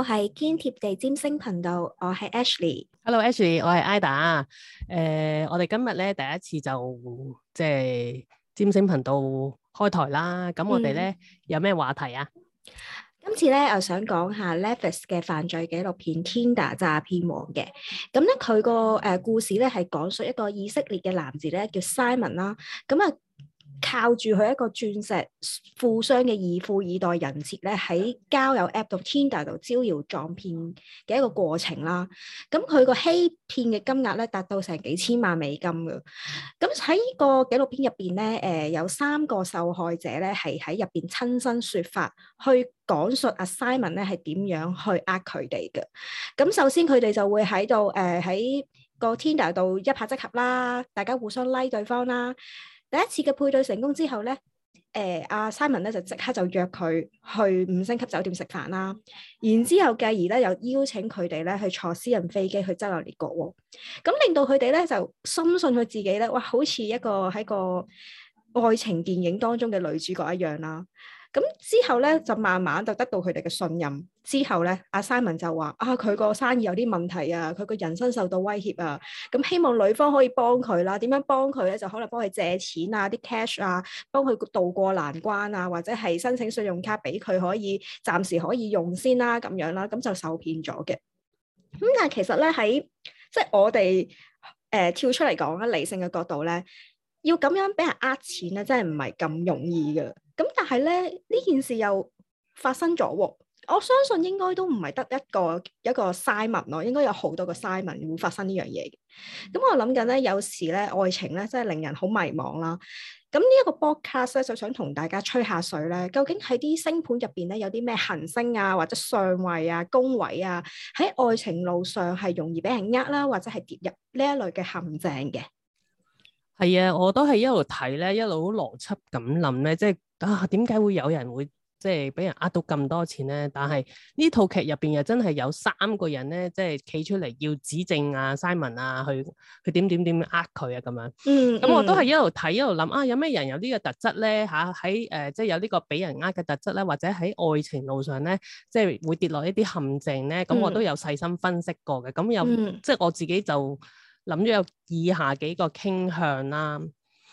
我係堅貼地占星頻道，我係 Ashley。Hello Ashley，我係 Ida。誒、呃，我哋今日咧第一次就即係占星頻道開台啦。咁我哋咧、嗯、有咩話題啊？今次咧我想講下 Levis 嘅犯罪紀錄片《Tinder 詐騙王》嘅。咁咧佢個誒故事咧係講述一個以色列嘅男子咧叫 Simon 啦。咁啊。靠住佢一個鑽石富商嘅二富二代人設咧，喺交友 App 度、Tinder 度招搖撞騙嘅一個過程啦。咁佢個欺騙嘅金額咧，達到成幾千萬美金㗎。咁喺呢個紀錄片入邊咧，誒、呃、有三個受害者咧，係喺入邊親身説法，去講述阿 Simon 咧係點樣去呃佢哋嘅。咁首先佢哋就會喺度誒喺個 Tinder 度一拍即合啦，大家互相 like 對方啦。第一次嘅配對成功之後咧，誒、呃、阿、啊、Simon 咧就即刻就約佢去五星級酒店食飯啦，然之後繼而咧又邀請佢哋咧去坐私人飛機去周遊列國喎、哦，咁、嗯、令到佢哋咧就深信佢自己咧，哇好似一個喺個愛情電影當中嘅女主角一樣啦，咁之後咧就慢慢就得到佢哋嘅信任。之後咧，阿 Simon 就話：啊，佢個生意有啲問題啊，佢個人身受到威脅啊，咁希望女方可以幫佢啦。點樣幫佢咧？就可能幫佢借錢啊，啲 cash 啊，幫佢渡過難關啊，或者係申請信用卡俾佢可以暫時可以用先啦、啊，咁樣啦、啊，咁就受騙咗嘅。咁、嗯、但係其實咧，喺即係我哋誒、呃、跳出嚟講咧，理性嘅角度咧。要咁樣俾人呃錢咧，真係唔係咁容易噶。咁但係咧，呢件事又發生咗喎。我相信應該都唔係得一個一個 Simon 咯，應該有好多個 Simon 會發生呢樣嘢。咁我諗緊咧，有時咧愛情咧真係令人好迷茫啦。咁呢一個 broadcast 咧就想同大家吹下水咧，究竟喺啲星盤入邊咧有啲咩行星啊，或者上位啊宮位啊，喺愛情路上係容易俾人呃啦，或者係跌入呢一類嘅陷阱嘅。係啊，我都係一路睇咧，一路好邏輯咁諗咧，即係啊，點解會有人會即係俾人呃到咁多錢咧？但係呢套劇入邊又真係有三個人咧，即係企出嚟要指證啊 Simon 啊，去去點點點呃佢啊咁樣嗯。嗯，咁我都係一路睇一路諗啊，有咩人有呢個特質咧？吓、啊，喺誒、呃、即係有個呢個俾人呃嘅特質咧，或者喺愛情路上咧，即係會跌落一啲陷阱咧。咁、嗯、我都有細心分析過嘅。咁有即係我自己就。諗咗有以下幾個傾向啦，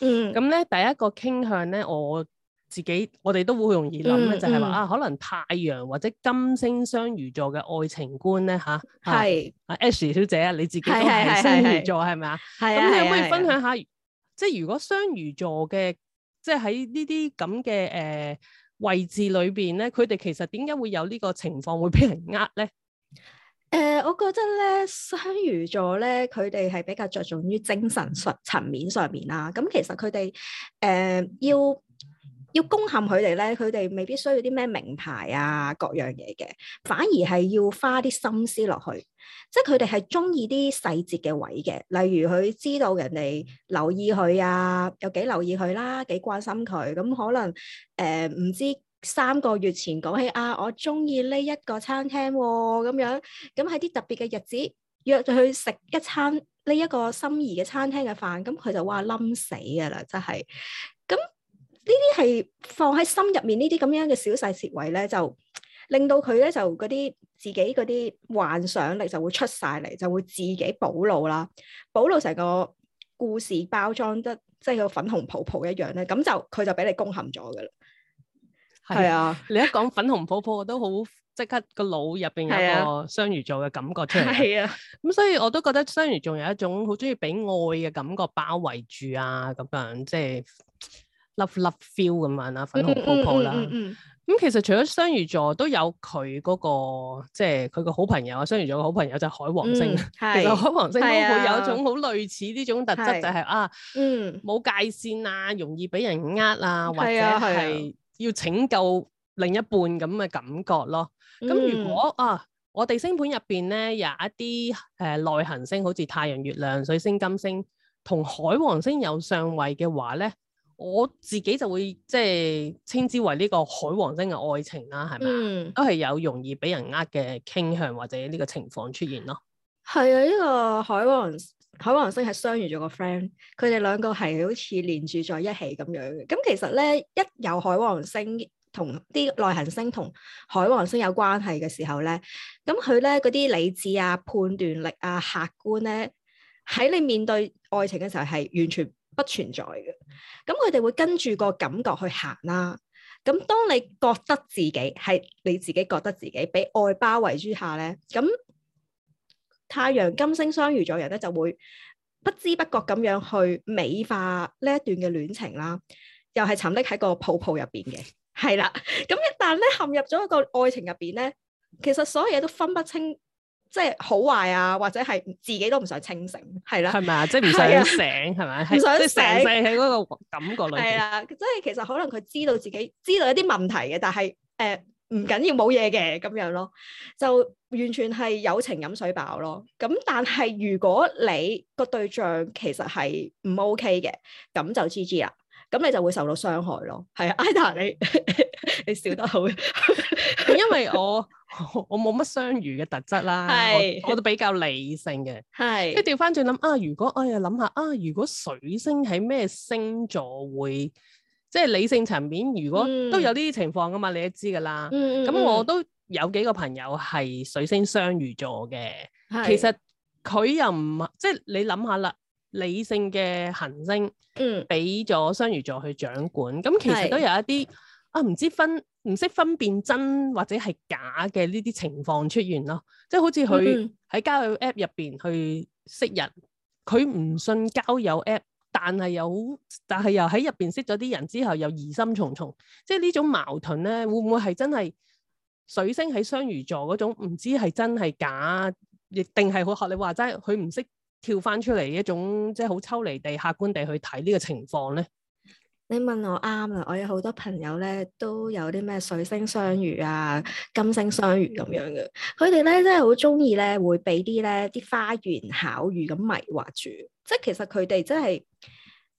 嗯，咁咧第一個傾向咧，我自己我哋都好容易諗咧，嗯、就係話啊，可能太陽或者金星雙魚座嘅愛情觀咧，吓、啊，係是啊 Ashley 小姐你自己都係雙魚座係咪啊？咁你可唔可以分享下，即係如果雙魚座嘅，即係喺呢啲咁嘅誒位置裏邊咧，佢哋其實點解會有呢個情況會俾人呃咧？誒、呃，我覺得咧，雙魚座咧，佢哋係比較着重於精神層層面上面啦。咁、嗯、其實佢哋誒要要攻陷佢哋咧，佢哋未必需要啲咩名牌啊，各樣嘢嘅，反而係要花啲心思落去。即係佢哋係中意啲細節嘅位嘅，例如佢知道人哋留意佢啊，有幾留意佢啦、啊，幾關心佢。咁、嗯、可能誒唔、呃、知。三個月前講起啊，我中意呢一個餐廳喎、哦，咁樣咁喺啲特別嘅日子約佢去食一餐呢一個心儀嘅餐廳嘅飯，咁佢就哇冧死嘅啦，真係。咁呢啲係放喺心入面呢啲咁樣嘅小細節位咧，就令到佢咧就嗰啲自己嗰啲幻想力就會出晒嚟，就會自己補腦啦，補腦成個故事包裝得即係個粉紅泡泡一樣咧，咁就佢就俾你攻陷咗嘅啦。係啊，啊你一講粉紅泡泡，我都好即刻個腦入邊有個雙魚座嘅感覺出嚟。係啊，咁所以我都覺得雙魚仲有一種好中意俾愛嘅感覺包圍住啊，咁樣即係 love love feel 咁樣啦，粉紅泡泡啦。咁其實除咗雙魚座都有佢嗰、嗰個，即係佢個好朋友啊。雙魚座嘅好朋友就係海王星。嗯、 其實海王星都會有一種好類似呢種特質，就係啊，嗯，冇、啊、界線啊，容易俾人呃啊，或者係。要拯救另一半咁嘅感覺咯。咁如果、嗯、啊，我哋星盤入邊咧有一啲誒內行星，好似太陽、月亮、水星、金星同海王星有相位嘅話咧，我自己就會即係稱之為呢個海王星嘅愛情啦，係咪？嗯、都係有容易俾人呃嘅傾向或者呢個情況出現咯。係啊，呢、這個海王。海王星係相遇咗個 friend，佢哋兩個係好似連住在一起咁樣。咁其實咧，一有海王星同啲內行星同海王星有關係嘅時候咧，咁佢咧嗰啲理智啊、判斷力啊、客觀咧，喺你面對愛情嘅時候係完全不存在嘅。咁佢哋會跟住個感覺去行啦、啊。咁當你覺得自己係你自己覺得自己被愛包圍之下咧，咁。太陽金星雙魚座人咧，就會不知不覺咁樣去美化呢一段嘅戀情啦，又係沉溺喺個泡泡入邊嘅，係啦。咁 但係咧，陷入咗一個愛情入邊咧，其實所有嘢都分不清，即係好壞啊，或者係自己都唔想清醒，係啦，係咪啊？即係唔想醒，係咪啊？唔想醒，即係成世喺嗰個感覺裏面。係啊，即係其實可能佢知道自己知道一啲問題嘅，但係誒。呃唔緊要，冇嘢嘅咁樣咯，就完全係友情飲水飽咯。咁但係如果你個對象其實係唔 OK 嘅，咁就 GG 啦。咁你就會受到傷害咯。係啊，Ida 你 你笑得好， 因為我我冇乜雙魚嘅特質啦 我，我都比較理性嘅。係， 即係調翻轉諗啊，如果哎呀諗下啊，如果水星喺咩星座會？即係理性層面，如果都有呢啲情況㗎嘛，嗯、你都知㗎啦。咁、嗯嗯、我都有幾個朋友係水星雙魚座嘅，是其實佢又唔即係你諗下啦，理性嘅行星俾咗雙魚座去掌管，咁、嗯、其實都有一啲是啊唔知分唔識分辨真或者係假嘅呢啲情況出現咯。即係好似佢喺交友 App 入邊去識人，佢唔、嗯嗯、信交友 App。但係又，但係又喺入邊識咗啲人之後，又疑心重重，即係呢種矛盾咧，會唔會係真係水星喺雙魚座嗰種，唔知係真係假，亦定係好學你話齋，佢唔識跳翻出嚟一種即係好抽離地、客觀地去睇呢個情況咧？你問我啱啦，我有好多朋友咧，都有啲咩水星雙魚啊、金星雙魚咁樣嘅，佢哋咧真係好中意咧，會俾啲咧啲花言巧語咁迷惑住，即係其實佢哋真係。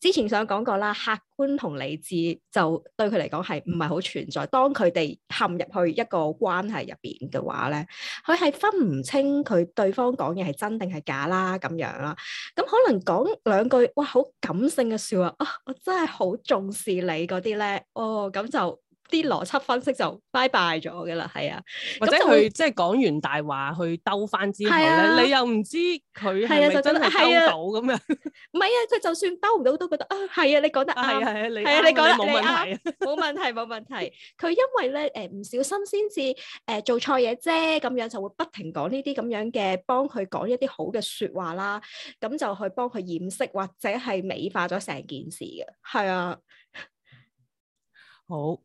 之前想講過啦，客觀同理智就對佢嚟講係唔係好存在。當佢哋陷入去一個關係入邊嘅話咧，佢係分唔清佢對方講嘢係真定係假啦咁樣啦。咁可能講兩句哇，好感性嘅説話，啊我真係好重視你嗰啲咧，哦咁就。啲邏輯分析就拜拜咗嘅啦，係啊，或者佢即係講完大話去兜返之後咧，啊、你又唔知佢係就真係兜到咁樣？唔係啊，佢就，啊啊、就算兜唔到都覺得啊，係啊，你講得係啊，係啊，你係啊，你講得冇問題，冇問題，冇問題。佢因為咧誒唔小心先至誒做錯嘢啫，咁樣就會不停講呢啲咁樣嘅幫佢講一啲好嘅説話啦，咁就去幫佢掩飾或者係美化咗成件事嘅，係啊， 好。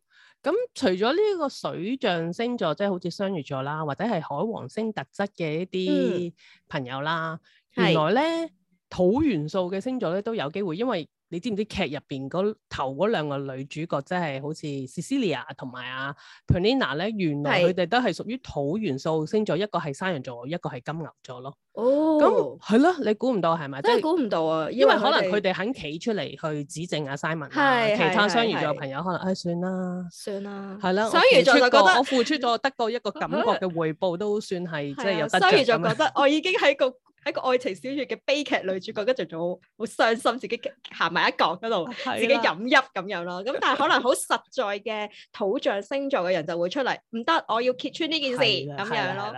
咁除咗呢個水象星座，即係好似雙魚座啦，或者係海王星特質嘅一啲朋友啦，嗯、原來咧土元素嘅星座咧都有機會，因為。你知唔知劇入邊嗰頭嗰兩個女主角，即係好似 Cecilia 同埋啊 Pernina 咧，原來佢哋都係屬於土元素星座，一個係山羊座，一個係金牛座咯。哦，咁係咯，你估唔到係咪？真係估唔到啊！因為可能佢哋肯企出嚟去指正阿 Simon 啦，其他雙魚座朋友可能誒算啦，算啦，係啦。雙魚座就覺得我付出咗，得到一個感覺嘅回報都算係即係有得。雙魚座覺得我已經喺個。喺個愛情小說嘅悲劇女主角，跟住仲好好傷心，自己行埋一角嗰度，自己飲泣咁樣咯。咁的但係可能好實在嘅土象星座嘅人就會出嚟，唔得，我要揭穿呢件事咁的樣咯。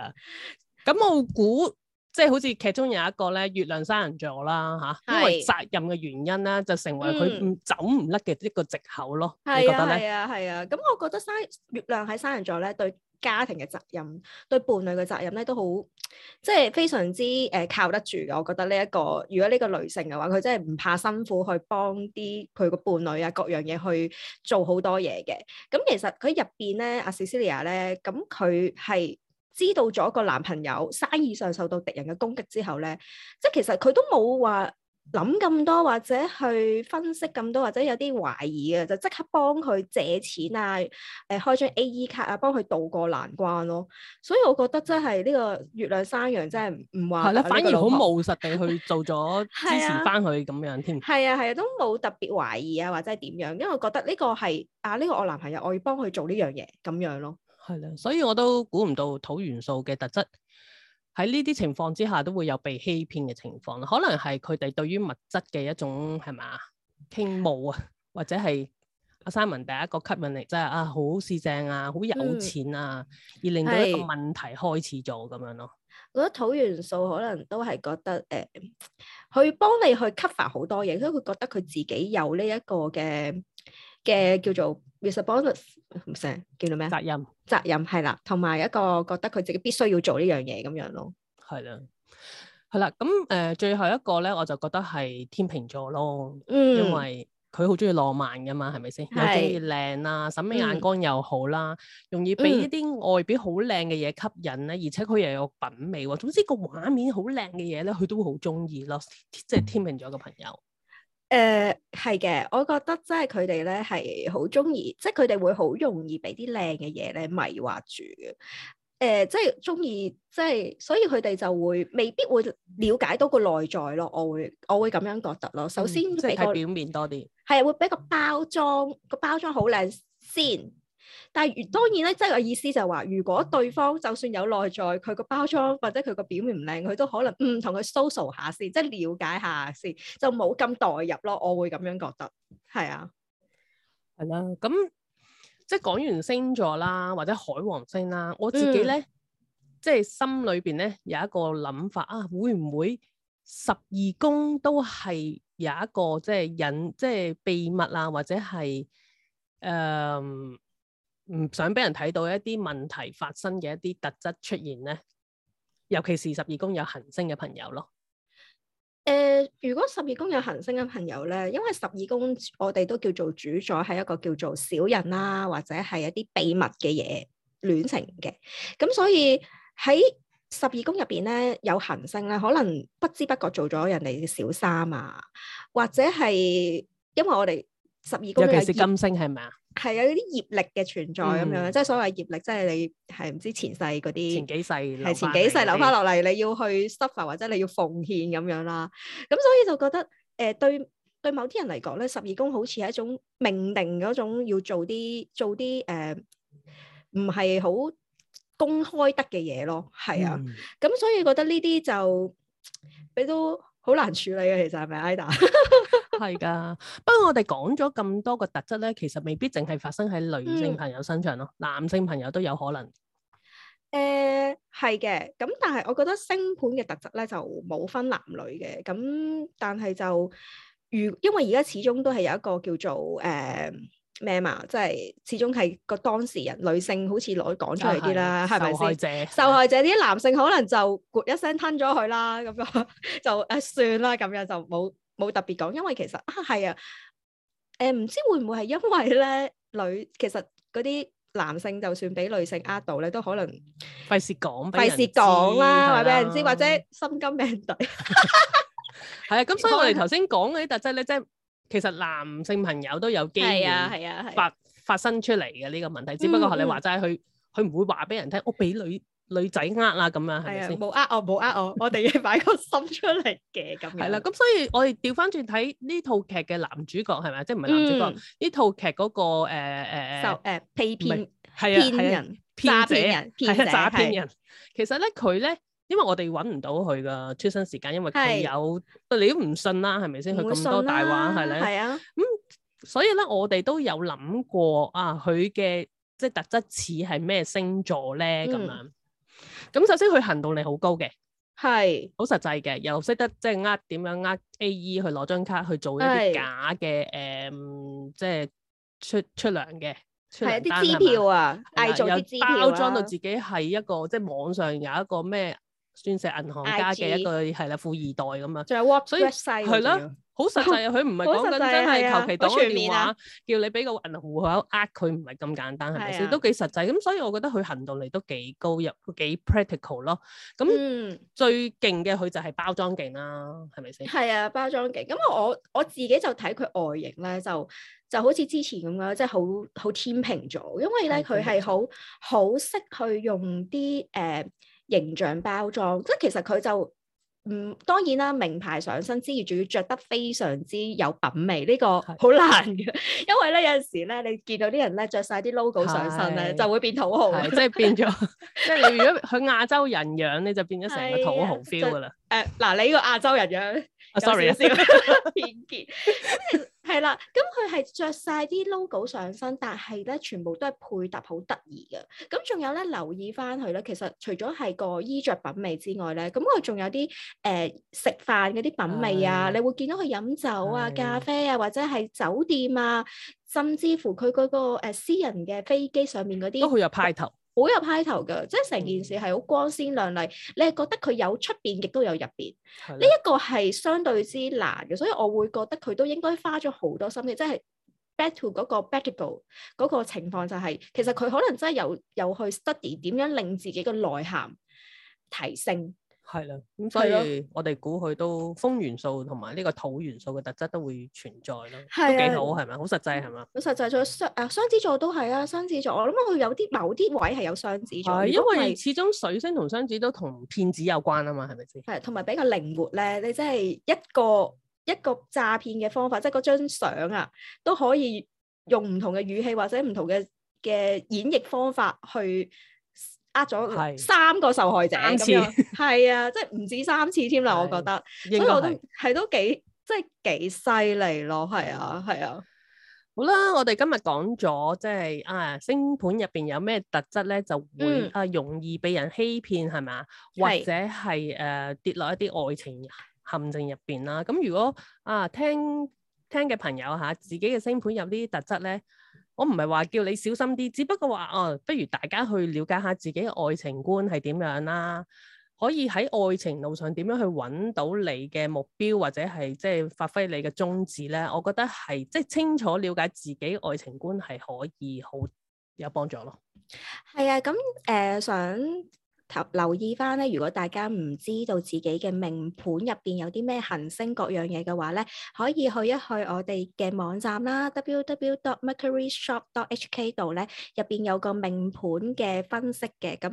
咁樣我估即係好似劇中有一個咧月亮山羊座啦嚇，啊、的因為責任嘅原因咧，就成為佢唔走唔甩嘅一個藉口咯。的你覺得咧？係啊係啊係啊！咁我覺得生月亮喺山羊座咧對。家庭嘅責任，對伴侶嘅責任咧都好，即係非常之誒、呃、靠得住嘅。我覺得呢、這、一個，如果呢個女性嘅話，佢真係唔怕辛苦去幫啲佢個伴侶啊，各樣嘢去做好多嘢嘅。咁、嗯、其實佢入邊咧，阿 Cecilia 咧，咁佢係知道咗個男朋友生意上受到敵人嘅攻擊之後咧，即係其實佢都冇話。諗咁多，或者去分析咁多，或者有啲懷疑啊，就即刻幫佢借錢啊，誒，開張 AE 卡啊，幫佢渡過難關咯。所以我覺得真係呢個月亮山羊真係唔唔話係啦，反而好務實地去做咗支持翻佢咁樣添。係啊係啊，都冇特別懷疑啊或者係點樣，因為我覺得呢個係啊呢個我男朋友，我要幫佢做呢樣嘢，咁樣咯。係啦，所以我都估唔到土元素嘅特質。喺呢啲情況之下，都會有被欺騙嘅情況。可能係佢哋對於物質嘅一種係嘛傾慕啊，或者係阿 Simon 第一個吸引力，真、就、係、是、啊好市正啊，好有錢啊，嗯、而令到一個問題開始咗咁是樣咯。我覺得土元素可能都係覺得誒，佢、呃、幫你去 cover 好多嘢，所以佢覺得佢自己有呢一個嘅。嘅叫做 responsibility 唔使叫做咩？責任，責任係啦，同埋一個覺得佢自己必須要做呢樣嘢咁樣咯。係啦，係啦。咁誒、呃，最後一個咧，我就覺得係天秤座咯。嗯，因為佢好中意浪漫噶嘛，係咪先？又中意靚啦，審、啊、美眼光又好啦、啊，嗯、容易俾一啲外表好靚嘅嘢吸引咧。而且佢又有品味、啊，總之個畫面好靚嘅嘢咧，佢都會好中意咯。即係天秤座嘅朋友，誒，係嘅，uh,，我覺得即係佢哋咧係好中意，即係佢哋會好容易俾啲靚嘅嘢咧迷惑住嘅。誒，uh,，即係中意，即係，所以佢哋就會未必會了解到個內在咯。我會，我會咁樣覺得咯。首先即係、嗯、表面多啲，係會俾個包裝，個包裝好靚先。但係，然當然咧，即係我意思就係話，如果對方就算有內在，佢個包裝或者佢個表面唔靚，佢都可能嗯同佢 social 下先，即係了解下先，就冇咁代入咯。我會咁樣覺得，係啊，係啦。咁即係講完星座啦，或者海王星啦，我自己咧，即係心裏邊咧有一個諗法啊，會唔會十二宮都係有一個即係隱即係秘密啊，或者係誒？唔想俾人睇到一啲問題發生嘅一啲特質出現咧，尤其是十二宮有行星嘅朋友咯。誒、呃，如果十二宮有行星嘅朋友咧，因為十二宮我哋都叫做主宰，係一個叫做小人啦，或者係一啲秘密嘅嘢、戀情嘅。咁所以喺十二宮入邊咧，有行星咧，可能不知不覺做咗人哋小三啊，或者係因為我哋十二宮尤其是金星係咪啊？係有啲業力嘅存在咁樣，嗯、即係所謂業力，即、就、係、是、你係唔知前世嗰啲，前幾世係前幾世留翻落嚟，你要去 suffer 或者你要奉獻咁樣啦。咁所以就覺得，誒、呃、對對某啲人嚟講咧，十二宮好似係一種命定嗰種，要做啲做啲誒，唔係好公開得嘅嘢咯。係啊，咁、嗯、所以覺得呢啲就俾到好難處理嘅，其實係咪，ida？係噶，不過 我哋講咗咁多個特質咧，其實未必淨係發生喺女性朋友身上咯，嗯、男性朋友都有可能。誒、呃，係嘅，咁但係我覺得星盤嘅特質咧就冇分男女嘅，咁但係就如因為而家始終都係有一個叫做誒咩、呃、嘛，即、就、係、是、始終係個當事人女性好似攞講出嚟啲啦，係咪？受害者，吧受害者啲男性可能就咕一聲吞咗佢啦，咁就就誒算啦，咁樣就冇。啊冇特別講，因為其實啊係啊，誒唔知會唔會係因為咧女，其實嗰啲男性就算俾女性呃到咧，都可能費事講，費事講啦，話俾人知，或者心甘命抵。係啊，咁所以我哋頭先講嗰啲特質咧，即係其實男性朋友都有機會係啊係啊係發發生出嚟嘅呢個問題，只不過係你話齋佢佢唔會話俾人聽，我俾女。女仔呃啦，咁樣係咪先？冇呃我，冇呃我，我哋要擺個心出嚟嘅咁樣。係啦，咁所以我哋調翻轉睇呢套劇嘅男主角係咪？即係唔係男主角？呢套劇嗰個誒誒誒誒，受誒欺騙，係啊，騙人，詐騙人，騙者，詐騙人。其實咧，佢咧，因為我哋揾唔到佢嘅出生時間，因為佢有，你都唔信啦，係咪先？佢咁多大話係咪？係啊。咁所以咧，我哋都有諗過啊，佢嘅即係特質似係咩星座咧咁樣。咁首先佢行動力好高嘅，係好是實際嘅，又識得即係呃點樣呃 A E 去攞張卡，去做一啲假嘅誒是、嗯，即係出出糧嘅，係一啲支票啊，偽造啲支票啊，又包裝到自己係一個即係網上有一個咩鑽石銀行家嘅一個係啦富二代咁啊，仲有 WhatsApp 嗰啲，係咯。好實際啊！佢唔係講緊真係求其打個電話叫你俾個銀行戶口呃佢，唔係咁簡單，係咪先？啊、都幾實際咁，所以我覺得佢行動力都幾高入，幾 practical 咯。咁、嗯、最勁嘅佢就係包裝勁啦，係咪先？係啊，包裝勁。咁、嗯、我我自己就睇佢外形咧，就就好似之前咁樣，即係好好天秤座，因為咧佢係好好識去用啲誒、呃、形象包裝，即係其實佢就。嗯，當然啦，名牌上身之餘，仲要着得非常之有品味，呢、呢個好難嘅。的因為咧，有陣時咧，你見到啲人咧着晒啲 logo 上身咧，的就會變土豪，即係變咗。即係 你如果佢亞洲人樣，你就變咗成個土豪 feel 噶啦。誒，嗱、呃，你個亞洲人樣。sorry 先，偏見，係 啦，咁佢係着晒啲 logo 上身，但係咧全部都係配搭好得意嘅。咁仲有咧，留意翻佢咧，其實除咗係個衣着品味之外咧，咁佢仲有啲誒、呃、食飯嗰啲品味啊，哎、你會見到佢飲酒啊、咖啡啊，或者係酒店啊，甚至乎佢嗰、嗰個誒、呃、私人嘅飛機上面嗰啲，都好有派頭。好有派 i t 嘅，即係成件事係好光鮮亮麗。嗯、你係覺得佢有出邊，亦都有入邊。呢一的個係相對之難嘅，所以我會覺得佢都應該花咗好多心思。即係 back to 嗰個 b a t t l 嗰個情況就係、是，其實佢可能真係有由去 study 點樣令自己嘅內涵提升。係啦，咁所以我哋估佢都風元素同埋呢個土元素嘅特質都會存在咯，係，都幾好，係咪？好實際係嘛？好實際咗雙啊，雙子座都係啊，雙子座我諗佢有啲某啲位係有雙子座。係的因為始終水星同雙子都同騙子有關啊嘛，係咪先？係同埋比較靈活咧，你真係一個一個詐騙嘅方法，即係嗰張相啊，都可以用唔同嘅語氣或者唔同嘅嘅演繹方法去。呃咗係三個受害者，三次，係樣 啊，即係唔止三次添啦，是我覺得，應該，所以我都係都幾，即係幾犀利咯，係啊，係啊。好啦，我哋今日講咗，即、就、係、是、啊星盤入邊有咩特質咧，就會、嗯、啊容易被人欺騙，係咪是啊？或者係誒跌落一啲愛情陷阱入邊啦。咁如果啊聽聽嘅朋友吓、啊，自己嘅星盤有呢啲特質咧。我唔係話叫你小心啲，只不過話哦，不如大家去了解下自己嘅愛情觀係點樣啦，可以喺愛情路上點樣去揾到你嘅目標或者係即係發揮你嘅宗旨咧。我覺得係即係清楚了解自己愛情觀係可以好有幫助咯。係啊，咁誒、呃、想留意翻咧，如果大家唔知道自己嘅命盤入邊有啲咩行星各樣嘢嘅話咧，可以去一去我哋嘅網站啦，www.mercuryshop.hk 度咧，入邊有個命盤嘅分析嘅，咁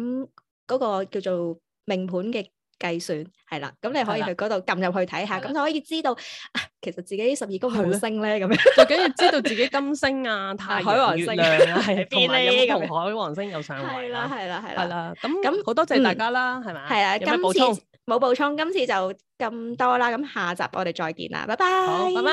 嗰個叫做命盤嘅計算，係啦，咁你可以去嗰度撳入去睇下，咁了就可以知道。了 其實自己十二宮點星咧咁樣，最的 緊要知道自己金星啊、 太陽、月亮啊， 的有有同埋有冇海王星有上位啦，係啦，係啦，係啦。咁咁好多謝大家啦，係咪？係啊的，補充今次冇補充，今次就咁多啦。咁下集我哋再見啦，拜拜，好，拜拜。